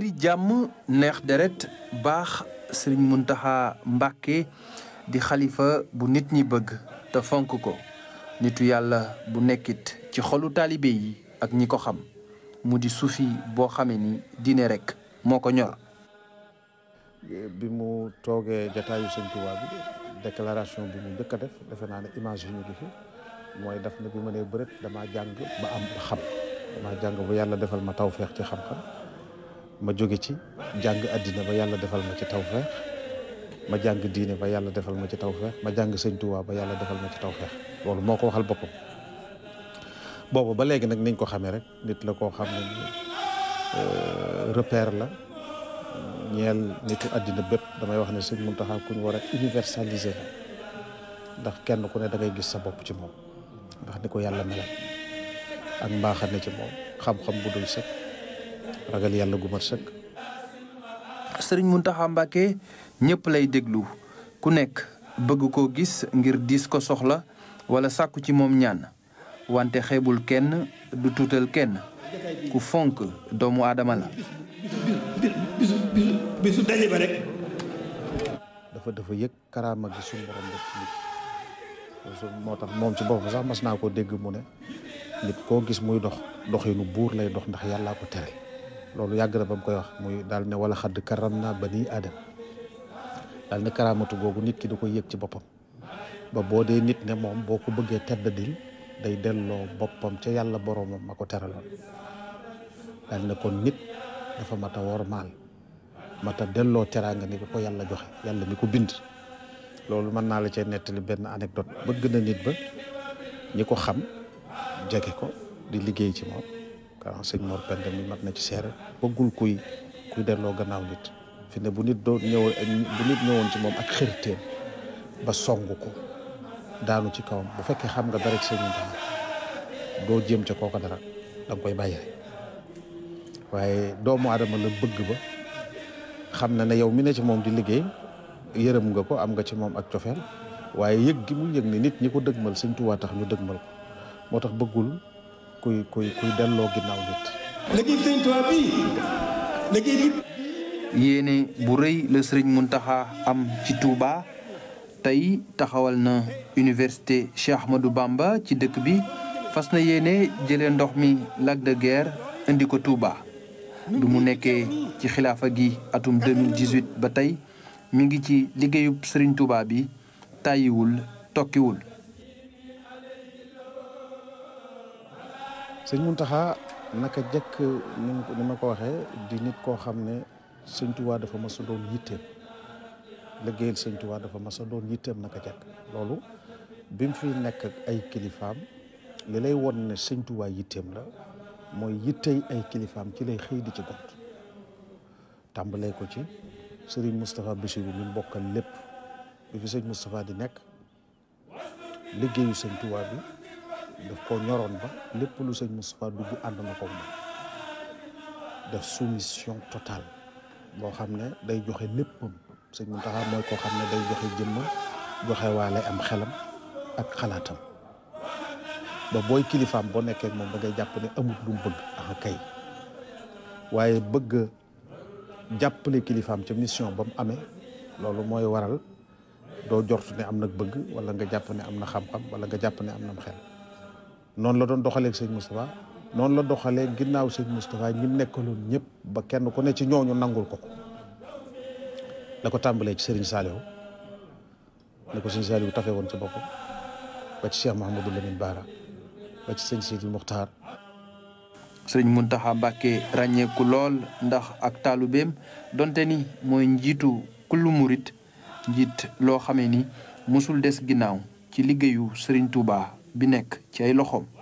bëri jàmm neex deret baax sëriñ Muntaxa Mbàkke di xalifa bu nit ñi bëgg te fonk ko nitu yàlla bu nekkit ci xolu taalibe yi ak ñi ko xam mu di suufi boo xamee ni diine rekk moo ko ñor bi mu toogee jataayu sëñ Tuubaa bi bi mu njëkk a def defe naa ne image yi ñu ngi mooy daf ne bi ma nee bërët damaa jàng ba am xam damaa jàng bu yàlla defal ma taw feex ci xam-xam ma jóge ci jàng àddina ba yàlla defal ma ci tawfeex ma jàng diine ba yàlla defal ma ci tawfeex ma jàng sëñ Tuubaa ba yàlla defal ma ci tawfeex loolu moo ko waxal boppam boobu ba léegi nag niñ ko xamee rek nit la koo xam ne euh, repère la ñeel nitu addina bépp damay wax ne sëñ Muntaxa ku ñu war a universaliser la ndax kenn ku ne dangay gis sa bopp ci moom ndax ni ko yàlla melal ak mbaaxane ci moom xam-xam bu dul set ragal yàlla gu mat sëkk. sëriñ Mountakha Mbacké ñëpp lay déglu ku nekk bëgg koo gis ngir diis ko soxla wala sàkku ci moom ñaan wante xeebul kenn du tuutal kenn ku fonk doomu aadama la. bisu bisu bisu daje gi suñu moo tax moom ci boppam sax mas naa koo dégg mu ne nit koo gis muy dox doxinu buur lay dox ndax yàllaa ko tere. loolu yàgg na ba mu koy wax muy daal ne wala xadd karam ba nii aadam daal ne karaamatu googu nit ki da koy yëg ci boppam ba boo dee nit ne moom boo ko bëggee tedd dil day delloo boppam ca yàlla boroomam ma ko teraloon daal ne kon nit dafa mat a wormaal mat a delloo teraanga ni ko yàlla joxe yàlla mi ko bind loolu mën naa la cee nettali benn anecdote bëgg na nit ba ñi ko xam jege ko di liggéey ci moom waaw sëñ Mor Penda mi mat na ci seere bëggul kuy kuy delloo gannaaw nit fi ne bu nit doon ñëw bu nit ñëwoon ci moom ak xëriteem ba song ko daanu ci kawam bu fekkee xam nga dara ci sëñ doo jëm ca kooka dara da koy bàyyi rek waaye doomu aadama la bëgg ba xam na ne yow mi ne ci moom di liggéey yërëm nga ko am nga ci moom ak cofeel waaye yëg gi mu yëg ne nit ñi ko dëgmal sëñ Tuubaa tax ñu dëgmal ko moo tax bëggul kuy kuy kuy delloo ginnaaw nit. liggéey Sëriñ Tuubaa bi liggéey bi. yéene bu rëy la sëriñ Muntaxa am ci Touba tey taxawal na université Cheikh Ahmadou Bamba ci dëkk bi fas na yéene jële ndox mi lac de Guiers indi ko Touba. du mu nekkee ci xilaafa gi atum 2018 ba tey mu ngi ci liggéeyub sëriñ Touba bi tàyyiwul tokkiwul. sëñ Muntaxa naka jëkk ni ma ko waxee di nit koo xam ne sëñ dafa mas a doon yitteem liggéeyal sëñ dafa mas a doon yitteem naka jëkk loolu bi mu fi nekk ay kilifaam li lay won ne sëñ Tuubaa yitteem la mooy yittey ay kilifaam ci lay xëy di ci gont tàmbalee ko ci sëriñ Moustapha Bachir bi ñu bokkal lépp bi fi sëñ Moustapha di nekk liggéeyu sëñ Tuubaa bi daf ko ñoroon ba lépp lu sëñ Moustapha dugg ànd na ko moom xam ne day joxe léppam sëñ Mountakha mooy koo xam ne day joxe jëmmam joxe waale am xelam ak xalaatam ba booy kilifaam boo nekkee moom da ngay jàpp ne amut lu mu bëgg ah kay waaye bëgg jàppale kilifaam ca mission ba mu amee loolu mooy waral doo jortu ne am nag bëgg wala nga jàpp ne am na xam-xam wala nga jàpp ne am na xel. noonu la doon doxaleeg sëñ Moustapha noonu la doxalee ginnaaw sëñ Moustapha ñi nekkaloon ñëpp ba kenn ku ne ci ñooñu nangul ko ko la ko ci Serigne Saliou la ko sëñ Saliou tafe woon ci bopp ba ci Cheikh Mouhamadou Lamine ba ci sëñ Sidi Muxtaar sëñ Muntaxa Mbàkke ràññeeku lool ndax ak taalubeem donte ni mooy njiitu kullu murit njiit loo xamee ni musul des ginnaaw ci liggéeyu sëriñ Touba bi nekk ci ay loxoom